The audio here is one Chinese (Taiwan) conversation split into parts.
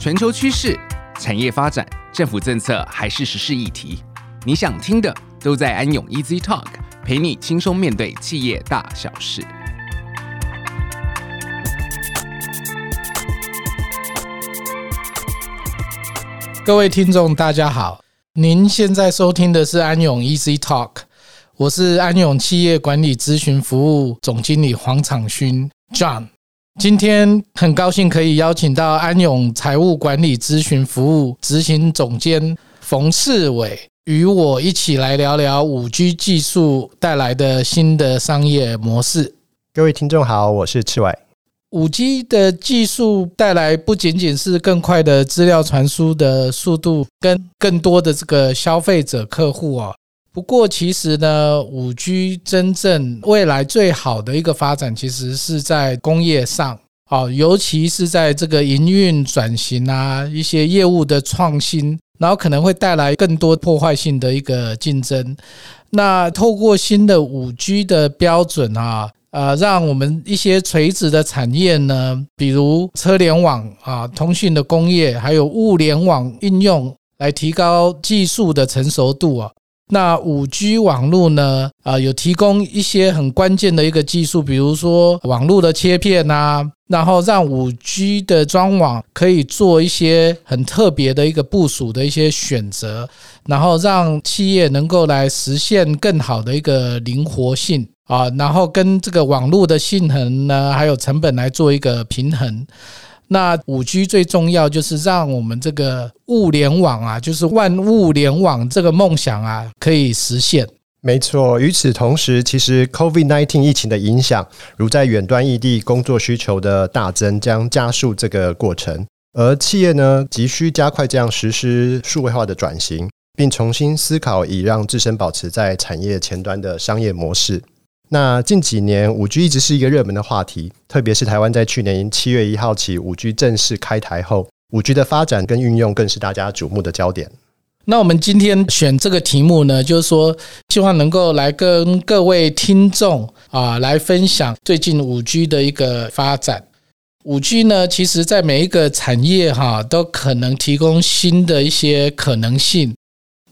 全球趨勢、產業發展、政府政策還是時事議題，你想聽的都在安永 Easy Talk，陪你輕鬆面對企業大小事。各位聽眾，大家好，您現在收聽的是安永 Easy Talk，我是安永企業管理諮詢服務總經理黃昶勳 John。今天很高興可以邀請到安永財務管理諮詢服務執行總監馮熾煒，與我一起來聊聊五 G 技術帶來的新的商業模式。各位聽眾好，我是熾煒。五 G 的技術帶來不僅僅是更快的資料傳輸的速度，跟更多的這個消費者客戶哦。不過，其實呢，5G 真正未來最好的一個發展，其實是在工業上，尤其是在這個營運轉型啊，一些業務的創新，然後可能會帶來更多破壞性的一個競爭。那透過新的 5G 的標準啊，呃，讓我們一些垂直的產業呢，比如車聯網啊，通訊的工業，還有物聯網應用，來提高技術的成熟度啊。那五 G 網絡呢，啊、呃，有提供一些很關鍵的一個技術，比如說網絡的切片啊，然後讓五 G 的專網可以做一些很特別的一個部署的一些選擇，然後讓企業能夠來實現更好的一個靈活性啊，然後跟這個網絡的性能呢，還有成本來做一個平衡。那 5G 最重要就是讓我們這個物聯網啊，就是萬物聯網這個夢想啊，可以實現。沒錯，與此同時，其實 COVID-19 疫情的影響，如在遠端異地工作需求的大增，將加速這個過程。而企業呢，急需加快這樣實施數位化的轉型，並重新思考以讓自身保持在產業前端的商業模式。那近幾年 5G 一直是一個熱門的話題，特別是台灣在去年七月一號起 5G 正式開台後，5G 的發展跟運用更是大家矚目的焦點。那我們今天選這個題目呢，就是說希望能夠來跟各位聽眾啊來分享最近 5G 的一個發展。5G 呢，其實在每一個產業哈、啊、都可能提供新的一些可能性。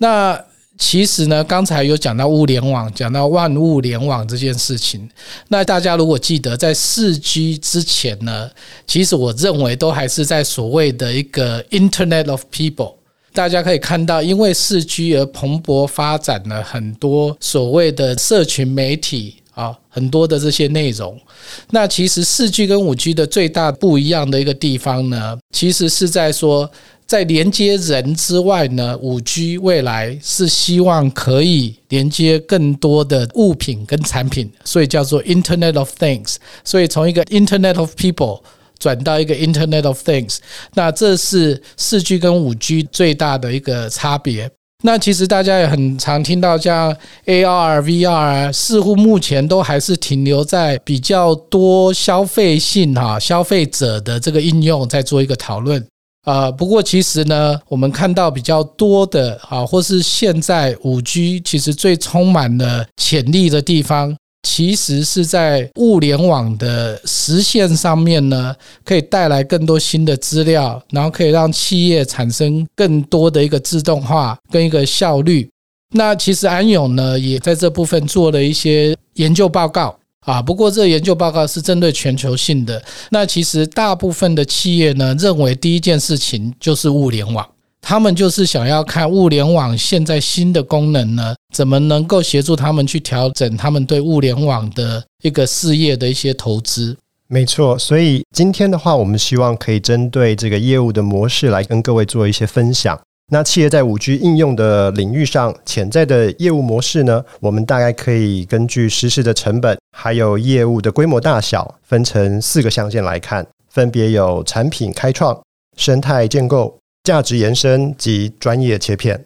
那其實呢，剛才有講到物聯網，講到萬物聯網這件事情。那大家如果記得，在四 G 之前呢，其實我認為都還是在所謂的一個 Internet of People。大家可以看到，因為四 G 而蓬勃發展了很多所謂的社群媒體啊，很多的這些內容。那其實四 G 跟五 G 的最大不一樣的一個地方呢，其實是在說，在連接人之外呢，五 G 未來是希望可以連接更多的物品，跟產品，所以叫做 Internet of Things。所以從一個 Internet of People 轉到一個 Internet of Things，那這是四 G 跟五 G 最大的一個差別。那其實大家也很常聽到像 AR、VR，似乎目前都還是停留在比較多消費性哈消費者的這個應用，在做一個討論。呃，不過其實呢，我們看到比較多的啊，或是現在 5G 其實最充滿了潛力的地方，其實是在物聯網的實現上面呢，可以帶來更多新的資料，然後可以讓企業產生更多的一個自動化跟一個效率。那其實安永呢，也在這部分做了一些研究報告。啊，不過這研究報告是針對全球性的。那其實大部分的企業呢，認為第一件事情就是物聯網，他們就是想要看物聯網現在新的功能呢，怎麼能夠協助他們去調整他們對物聯網的一個事業的一些投資。沒錯，所以今天的話，我們希望可以針對這個業務的模式來跟各位做一些分享。那企業在五 G 應用的領域上潛在的業務模式呢？我們大概可以根據實施的成本，還有業務的規模大小，分成四個象限來看，分別有產品開創、生態建構、價值延伸及專業切片。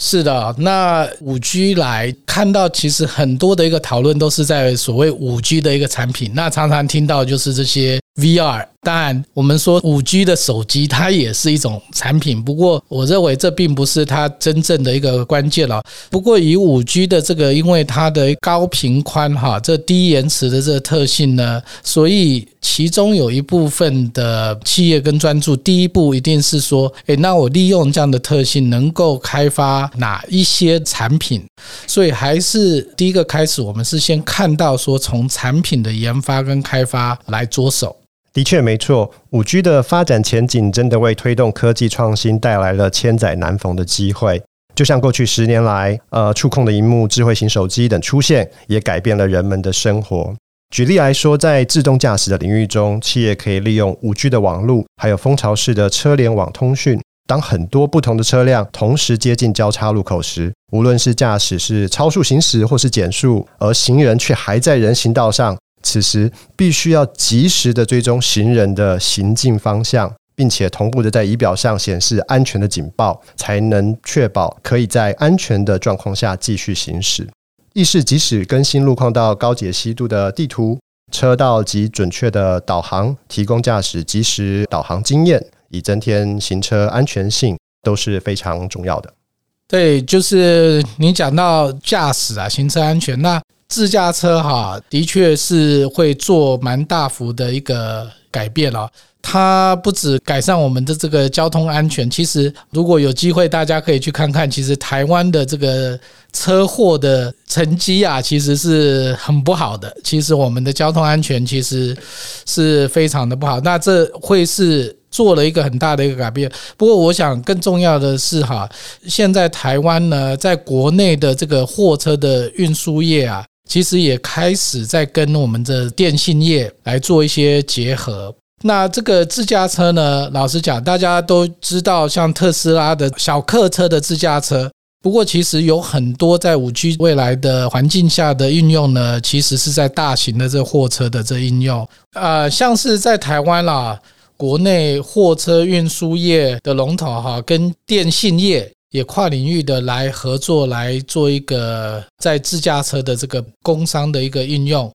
是的，那五 G 來看到，其實很多的一個討論都是在所謂五 G 的一個產品。那常常聽到就是這些。V R，當然，VR，我們說五 G 的手機，它也是一種產品，不過我認為這並不是它真正的一個關鍵了。不過以五 G 的這個，因為它的高頻寬哈，這低延遲的這個特性呢，所以其中有一部分的企業跟專注第一步一定是說，誒，那我利用這樣的特性能夠開發哪一些產品？所以還是第一個開始，我們是先看到說從產品的研發跟開發來着手。的確沒錯，5G 的發展前景真的為推動科技創新帶來了千載難逢的機會。就像過去十年來，呃，觸控的熒幕、智慧型手機等出現，也改變了人們的生活。舉例來說，在自動駕駛的領域中，企業可以利用 5G 的網絡，還有蜂巢式的車聯網通訊。當很多不同的車輛同時接近交叉路口時，無論是駕駛是超速行駛或是減速，而行人卻還在人行道上。此時必須要及時的追蹤行人的行進方向，並且同步的在儀表上顯示安全的警報，才能確保可以在安全的狀況下繼續行駛。亦是，即使更新路況到高解析度的地圖、車道及準確的導航，提供駕駛及時導航經驗，以增添行車安全性，都是非常重要的。對，就是你講到駕駛啊，行車安全那、啊。自駕車哈，的確是會做蠻大幅的一個改變了。它不只改善我們的這個交通安全，其實如果有機會，大家可以去看看，其實台灣的這個車禍的成績啊，其實是很不好的。其實我們的交通安全其實是非常的不好。那這會是做了一個很大的一個改變。不過，我想更重要的是哈，現在台灣呢，在國內的這個貨車的運輸業啊。其實也開始在跟我們的電信業來做一些結合。那這個自駕車呢，老實講，大家都知道，像特斯拉的小客車的自駕車。不過，其實有很多在五 G 未來的環境下的應用呢，其實是在大型的這貨車的這應用。呃，像是在台灣啦，國內貨車運輸業的龍頭哈、啊，跟電信業。也跨領域的來合作，來做一個在自駕車的這個工商的一個應用。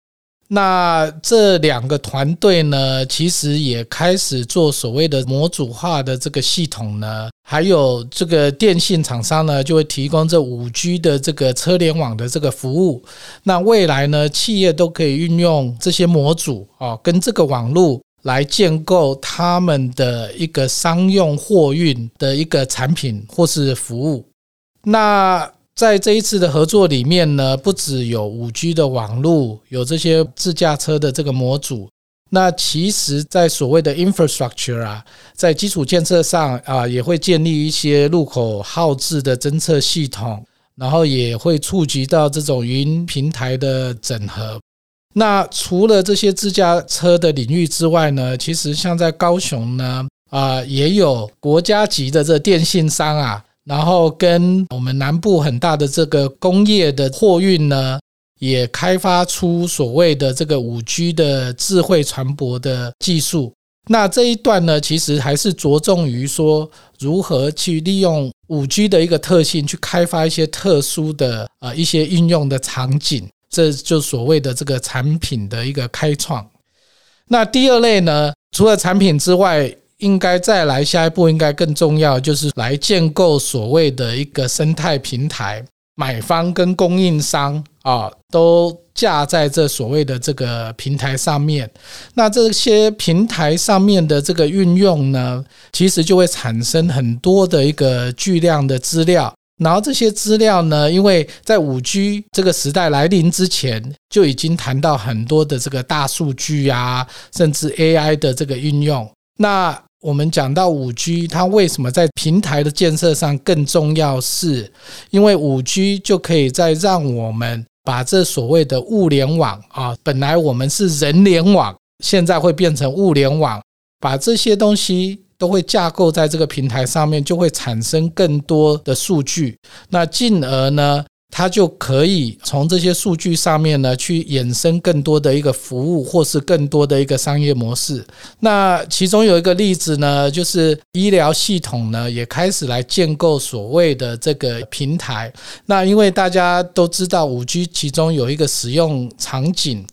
那這兩個團隊呢，其實也開始做所謂的模組化的這個系統呢，還有這個電信廠商呢，就會提供這五 G 的這個車聯網的這個服務。那未來呢，企業都可以運用這些模組啊，跟這個網絡。來建構他們的一個商用貨運的一個產品或是服務。那在這一次的合作裡面呢，不只有 5G 的網絡，有這些自駕車的這個模組。那其實，在所謂的 infrastructure 啊，在基礎建設上啊，也會建立一些路口號志的偵測系統，然後也會觸及到這種雲平台的整合。那除了這些自駕車的領域之外呢，其實像在高雄呢，啊、呃，也有國家級的這電信商啊，然後跟我們南部很大的這個工業的貨運呢，也開發出所謂的這個五 G 的智慧船舶的技術。那這一段呢，其實還是着重於說如何去利用五 G 的一個特性，去開發一些特殊的啊、呃、一些應用的場景。這就所謂的這個產品的一個開創。那第二類呢，除了產品之外，應該再來下一步，應該更重要，就是來建構所謂的一個生態平台，買方跟供應商啊，都架在這所謂的這個平台上面。那這些平台上面的這個運用呢，其實就會產生很多的一個巨量的資料。然後這些資料呢，因為在五 G 這個時代來臨之前，就已經談到很多的這個大數據啊，甚至 AI 的這個應用。那我們講到五 G，它為什麼在平台的建設上更重要是？是因為五 G 就可以在讓我們把這所謂的物聯網啊，本來我們是人聯網，現在會變成物聯網，把這些東西。都會架構在這個平台上面，就會產生更多的數據。那進而呢，它就可以從這些數據上面呢，去衍生更多的一個服務，或是更多的一個商業模式。那其中有一個例子呢，就是醫療系統呢，也開始來建構所謂的這個平台。那因為大家都知道，5G 其中有一個使用場景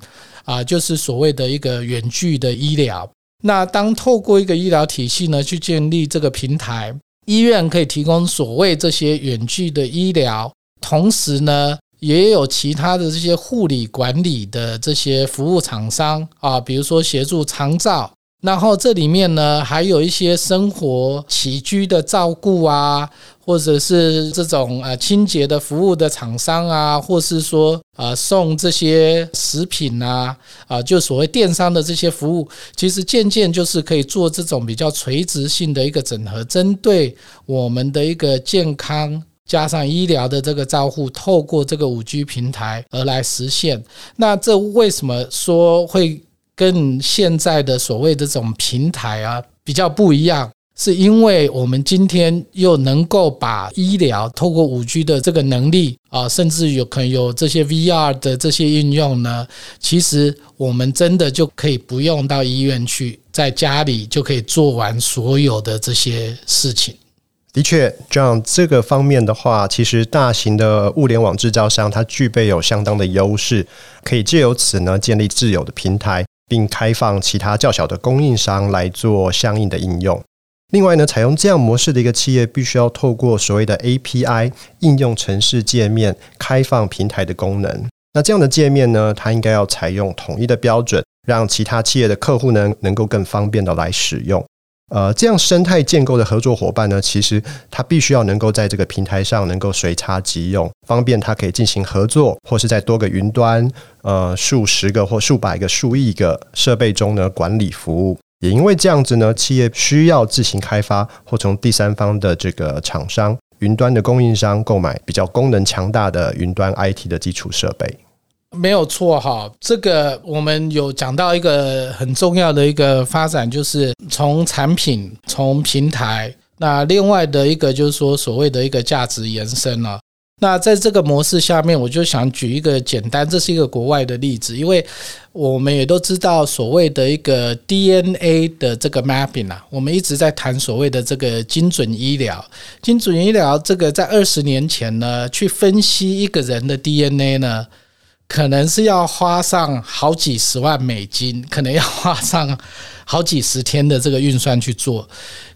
啊、呃，就是所謂的一個遠距的醫療。那當透過一個醫療體系呢，去建立這個平台，醫院可以提供所謂這些遠距的醫療，同時呢，也有其他的這些護理管理的這些服務廠商啊，比如說協助長照。然後這裡面呢，還有一些生活起居的照顧啊，或者是這種呃、啊、清潔的服務的廠商啊，或是說啊送這些食品啊，啊，就所謂電商的這些服務，其實漸漸就是可以做這種比較垂直性的一個整合，針對我們的一個健康加上醫療的這個照顧，透過這個五 G 平台而來實現。那這為什麼說會？跟現在的所謂的這種平台啊，比較不一樣，是因為我們今天又能夠把醫療透過 5G 的這個能力啊，甚至有可能有這些 VR 的這些應用呢，其實我們真的就可以不用到醫院去，在家裡就可以做完所有的這些事情。的確，這樣這個方面的話，其實大型的物聯網製造商它具備有相當的優勢，可以借由此呢建立，自有的平台。並開放其他較小的供應商來做相應的應用。另外呢，採用這樣模式的一個企業，必須要透過所謂的 API 應用程式界面開放平台的功能。那這樣的界面呢，它應該要採用統一的標準，讓其他企業的客戶呢能夠更方便的來使用。呃，這樣生態建構的合作夥伴呢，其實他必須要能夠在這個平台上能夠隨插即用，方便他可以進行合作，或是在多個雲端，呃，數十個或數百個，數億個設備中呢，管理服務。也因為這樣子呢，企業需要自行開發，或從第三方的這個廠商、雲端的供應商購買比較功能強大的雲端 IT 的基礎設備。沒有錯哈，這個我們有講到一個很重要的一個發展，就是從產品、從平台，那另外的一個就是說所謂的一個價值延伸了。那在這個模式下面，我就想舉一個簡單，這是一個國外的例子，因為我們也都知道所謂的一個 DNA 的這個 mapping 啊，我們一直在談所謂的這個精準醫療。精準醫療這個在二十年前呢，去分析一個人的 DNA 呢，可能是要花上好幾十萬美金，可能要花上好幾十天的這個運算去做。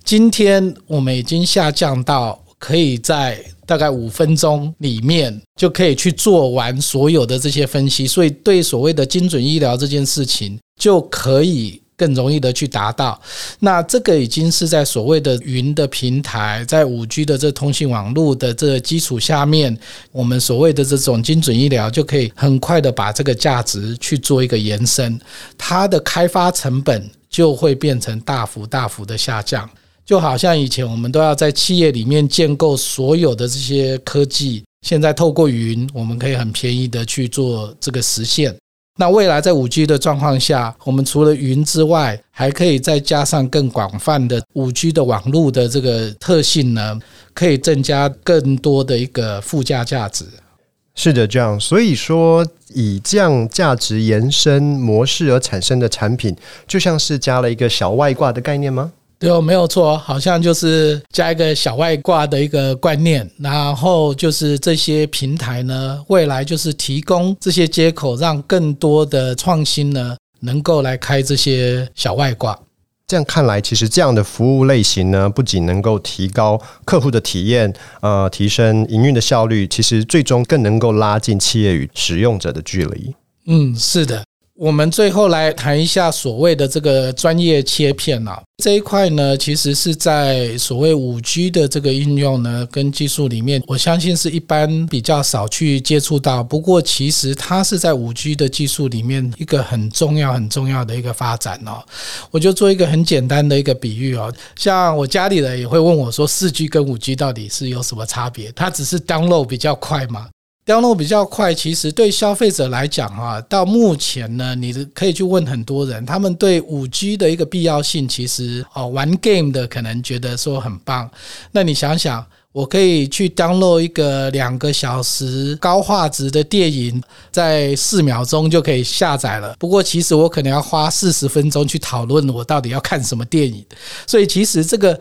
今天我們已經下降到可以在大概五分鐘裡面就可以去做完所有的這些分析，所以對所謂的精準醫療這件事情就可以。更容易的去達到，那這個已經是在所謂的雲的平台，在 5G 的這通信網絡的這基礎下面，我們所謂的這種精準醫療就可以很快的把這個價值去做一個延伸，它的開發成本就會變成大幅大幅的下降。就好像以前我們都要在企業裡面建構所有的這些科技，現在透過雲，我們可以很便宜的去做這個實現。那未來在五 G 的狀況下，我們除了雲之外，還可以再加上更廣泛的五 G 的網絡的這個特性呢，可以增加更多的一個附加價值。是的，這樣，所以說以這樣價值延伸模式而產生的產品，就像是加了一個小外掛的概念嗎？就對，沒有錯，好像就是加一個小外掛的一個觀念，然後就是這些平台呢，未來就是提供這些接口，讓更多的創新呢能夠來開這些小外掛。這樣看來，其實這樣的服務類型呢，不僅能夠提高客戶的體驗，呃，提升營運的效率，其實最終更能夠拉近企業與使用者的距離。嗯，是的。我們最後來談一下所謂的這個專業切片啊，這一塊呢，其實是在所謂五 G 的這個應用呢跟技術裡面，我相信是一般比較少去接觸到。不過，其實它是在五 G 的技術裡面一個很重要、很重要的一個發展哦、啊。我就做一個很簡單的一個比喻哦、啊，像我家裡人也會問我說，四 G 跟五 G 到底是有什麼差別？它只是 download 比較快嘛。download 比較快，其實對消費者來講，哈，到目前呢，你是可以去問很多人，他們對 5G 的一個必要性，其實哦，玩 game 的可能覺得說很棒，那你想想。我可以去 download 一個兩個小時高畫質的電影，在四秒鐘就可以下載了。不過，其實我可能要花四十分鐘去討論我到底要看什麼電影。所以，其實這個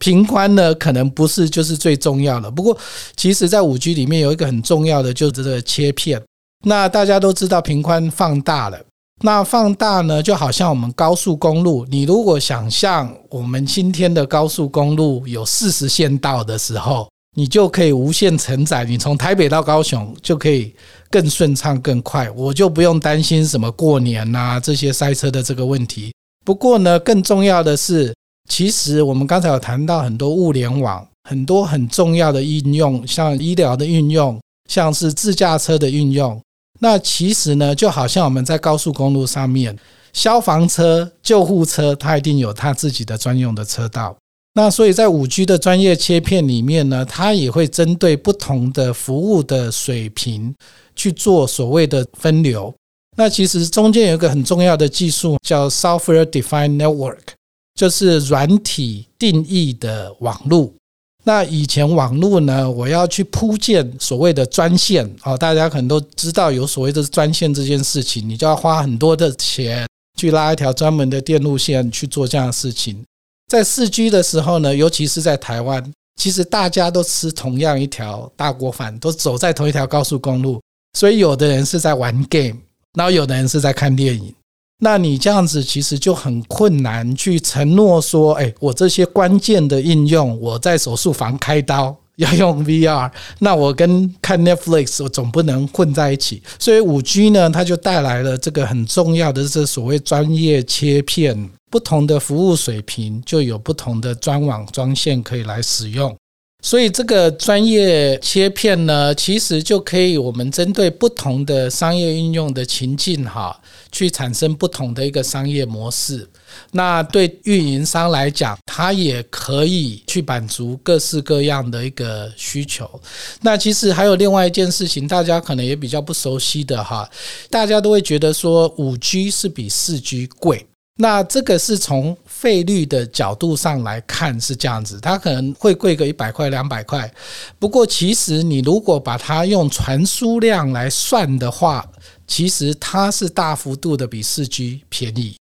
頻寬呢，可能不是就是最重要的。不過，其實，在五 G 裡面有一個很重要的，就是這個切片。那大家都知道，頻寬放大了。那放大呢，就好像我們高速公路，你如果想象我們今天的高速公路有四十線道的時候，你就可以無限承載，你從台北到高雄就可以更順暢、更快，我就不用擔心什麼過年吶、啊、這些塞車的這個問題。不過呢，更重要的是，其實我們剛才有談到很多物聯網，很多很重要的應用，像醫療的應用，像是自駕車的應用。那其實呢，就好像我們在高速公路上面，消防車、救護車，它一定有它自己的專用的車道。那所以在 5G 的專業切片裡面呢，它也會針對不同的服務的水平去做所謂的分流。那其實中間有一個很重要的技術叫 Software Defined Network，就是軟體定義的網路。那以前網絡呢，我要去鋪建所謂的專線哦，大家可能都知道有所謂的專線這件事情，你就要花很多的錢去拉一條專門的電路線去做這樣的事情。在四 G 的時候呢，尤其是在台灣，其實大家都吃同樣一條大鍋飯，都走在同一條高速公路，所以有的人是在玩 game，然後有的人是在看電影。那你這樣子其實就很困難，去承諾說，哎、欸，我這些關鍵的應用，我在手術房開刀要用 VR，那我跟看 Netflix，我總不能混在一起。所以 5G 呢，它就帶來了這個很重要的，是所謂專業切片，不同的服務水平就有不同的專網專線可以來使用。所以這個專業切片呢，其實就可以我們針對不同的商業應用的情境哈，去產生不同的一個商業模式。那對運營商來講，它也可以去滿足各式各樣的一個需求。那其實還有另外一件事情，大家可能也比較不熟悉的哈，大家都會覺得說五 G 是比四 G 貴。那這個是從費率的角度上來看是這樣子，它可能會貴個一百塊、兩百塊。不過，其實你如果把它用傳輸量來算的話，其實它是大幅度的比四 G 便宜。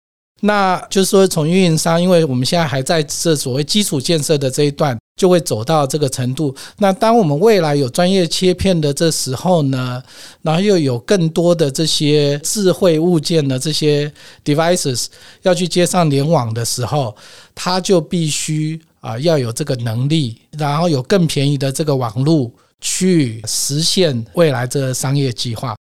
那就是說，從運營商，因為我們現在還在這所謂基礎建設的這一段。就會走到這個程度。那當我們未來有專業切片的這時候呢，然後又有更多的這些智慧物件的這些 devices 要去接上聯網的時候，它就必須啊要有這個能力，然後有更便宜的這個網路去實現未來這個商業計劃。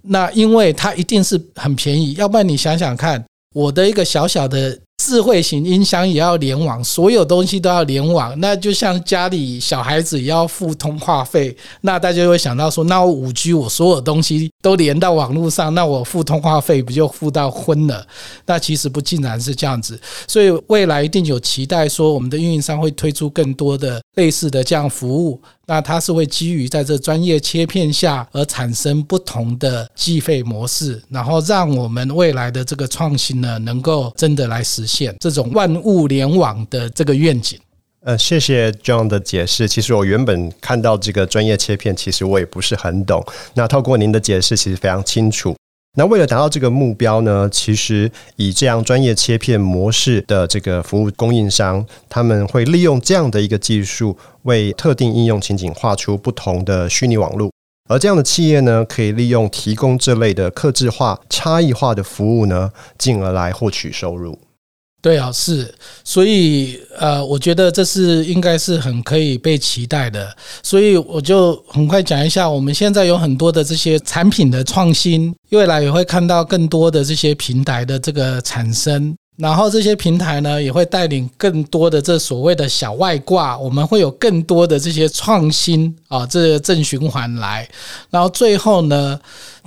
那因為它一定是很便宜，要不然你想想看，我的一個小小的。智慧型音箱也要聯網，所有東西都要聯網。那就像家裡小孩子也要付通話費，那大家就會想到說：那我 5G 我所有東西都連到網絡上，那我付通話費不就付到昏了？那其實不盡然是這樣子。所以未來一定有期待，說我們的運營商會推出更多的類似的這樣服務。那它是會基於在這專業切片下而產生不同的計費模式，然後讓我們未來的這個創新呢，能夠真的來實現。現這種萬物聯網的這個願景，呃，謝謝 John 的解釋。其實我原本看到這個專業切片，其實我也不是很懂。那透過您的解釋，其實非常清楚。那為了達到這個目標呢，其實以這樣專業切片模式的這個服務供應商，他們會利用這樣的一個技術，為特定應用情景畫出不同的虛擬網絡。而這樣的企業呢，可以利用提供這類的客制化、差異化的服務呢，進而來獲取收入。對啊，是，所以呃，我覺得這是應該是很可以被期待的，所以我就很快講一下，我們現在有很多的這些產品的創新，未來也會看到更多的這些平台的這個產生，然後這些平台呢也會帶領更多的這所謂的小外掛，我們會有更多的這些創新啊，這個正循環來，然後最後呢，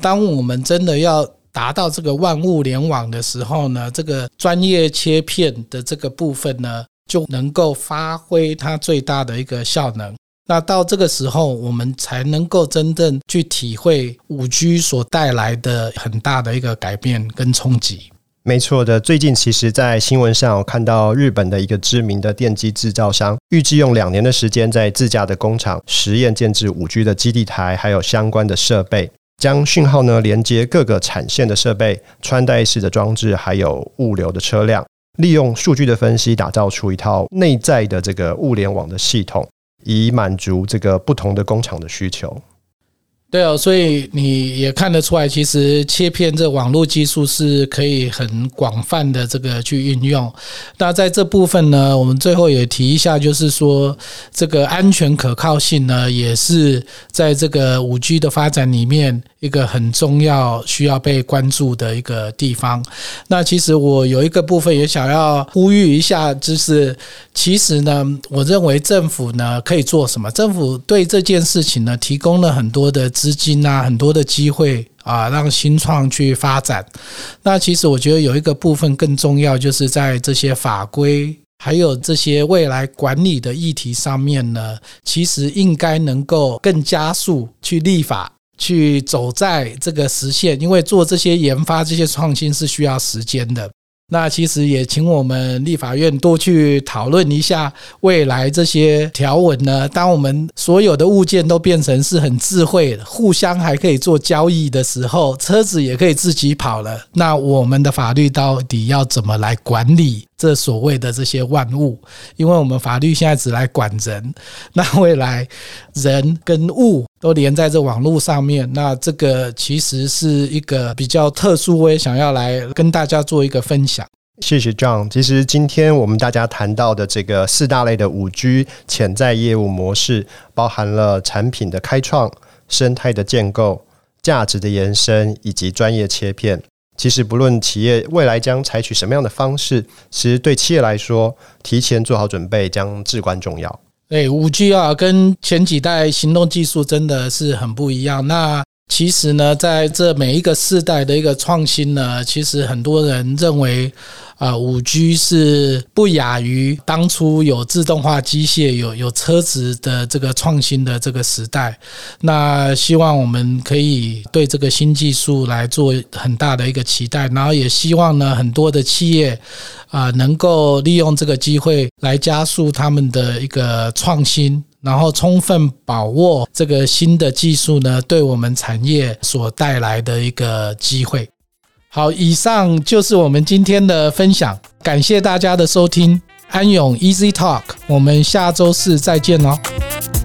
當我們真的要。達到這個萬物聯網的時候呢，這個專業切片的這個部分呢，就能夠發揮它最大的一個效能。那到這個時候，我們才能夠真正去體會 5G 所帶來的很大的一個改變跟衝擊。沒錯的，最近其實在新聞上我看到日本的一個知名的電機製造商，預計用兩年的時間在自家的工廠實驗建置 5G 的基地台，還有相關的設備。將訊號呢，連接各個產線的設備、穿戴式的裝置，還有物流的車輛，利用數據的分析，打造出一套內在的這個物聯網的系統，以滿足這個不同的工廠的需求。對哦，所以你也看得出來，其實切片這網絡技術是可以很廣泛的這個去運用。那在這部分呢，我們最後也提一下，就是說這個安全可靠性呢，也是在這個 5G 的發展裡面一個很重要需要被關注的一個地方。那其實我有一個部分也想要呼籲一下，就是其實呢，我認為政府呢可以做什麼？政府對這件事情呢提供了很多的。資金啊，很多的機會啊，讓新創去發展。那其實我覺得有一個部分更重要，就是在這些法規，還有這些未來管理的議題上面呢，其實應該能夠更加速去立法，去走在這個實現。因為做這些研發、這些創新是需要時間的。那其實也請我們立法院多去討論一下未來這些條文呢，當我們所有的物件都變成是很智慧，互相還可以做交易的時候，車子也可以自己跑了，那我們的法律到底要怎麼來管理？這所謂的這些萬物，因為我們法律現在只來管人，那未來人跟物都連在這網絡上面，那這個其實是一個比較特殊，我也想要來跟大家做一個分享。謝謝 John。其實今天我們大家談到的這個四大類的五 G 潛在業務模式，包含了產品的開創、生態的建構、價值的延伸以及專業切片。其實不論企業未來將採取什麼樣的方式，其實對企業來說，提前做好準備將至關重要。誒，五 G 啊，跟前幾代行動技術真的是很不一樣。那其實呢，在這每一個時代的一個創新呢，其實很多人認為啊，呃，5G 是不亞於當初有自動化機械、有有車子的這個創新的這個時代。那希望我們可以對這個新技術來做很大的一個期待，然後也希望呢，很多的企業啊、呃，能夠利用這個機會來加速他們的一個創新。然後充分把握這個新的技術呢，對我們產業所帶來的一個機會。好，以上就是我們今天的分享，感謝大家的收聽，安永 Easy Talk，我們下周四再見嘍。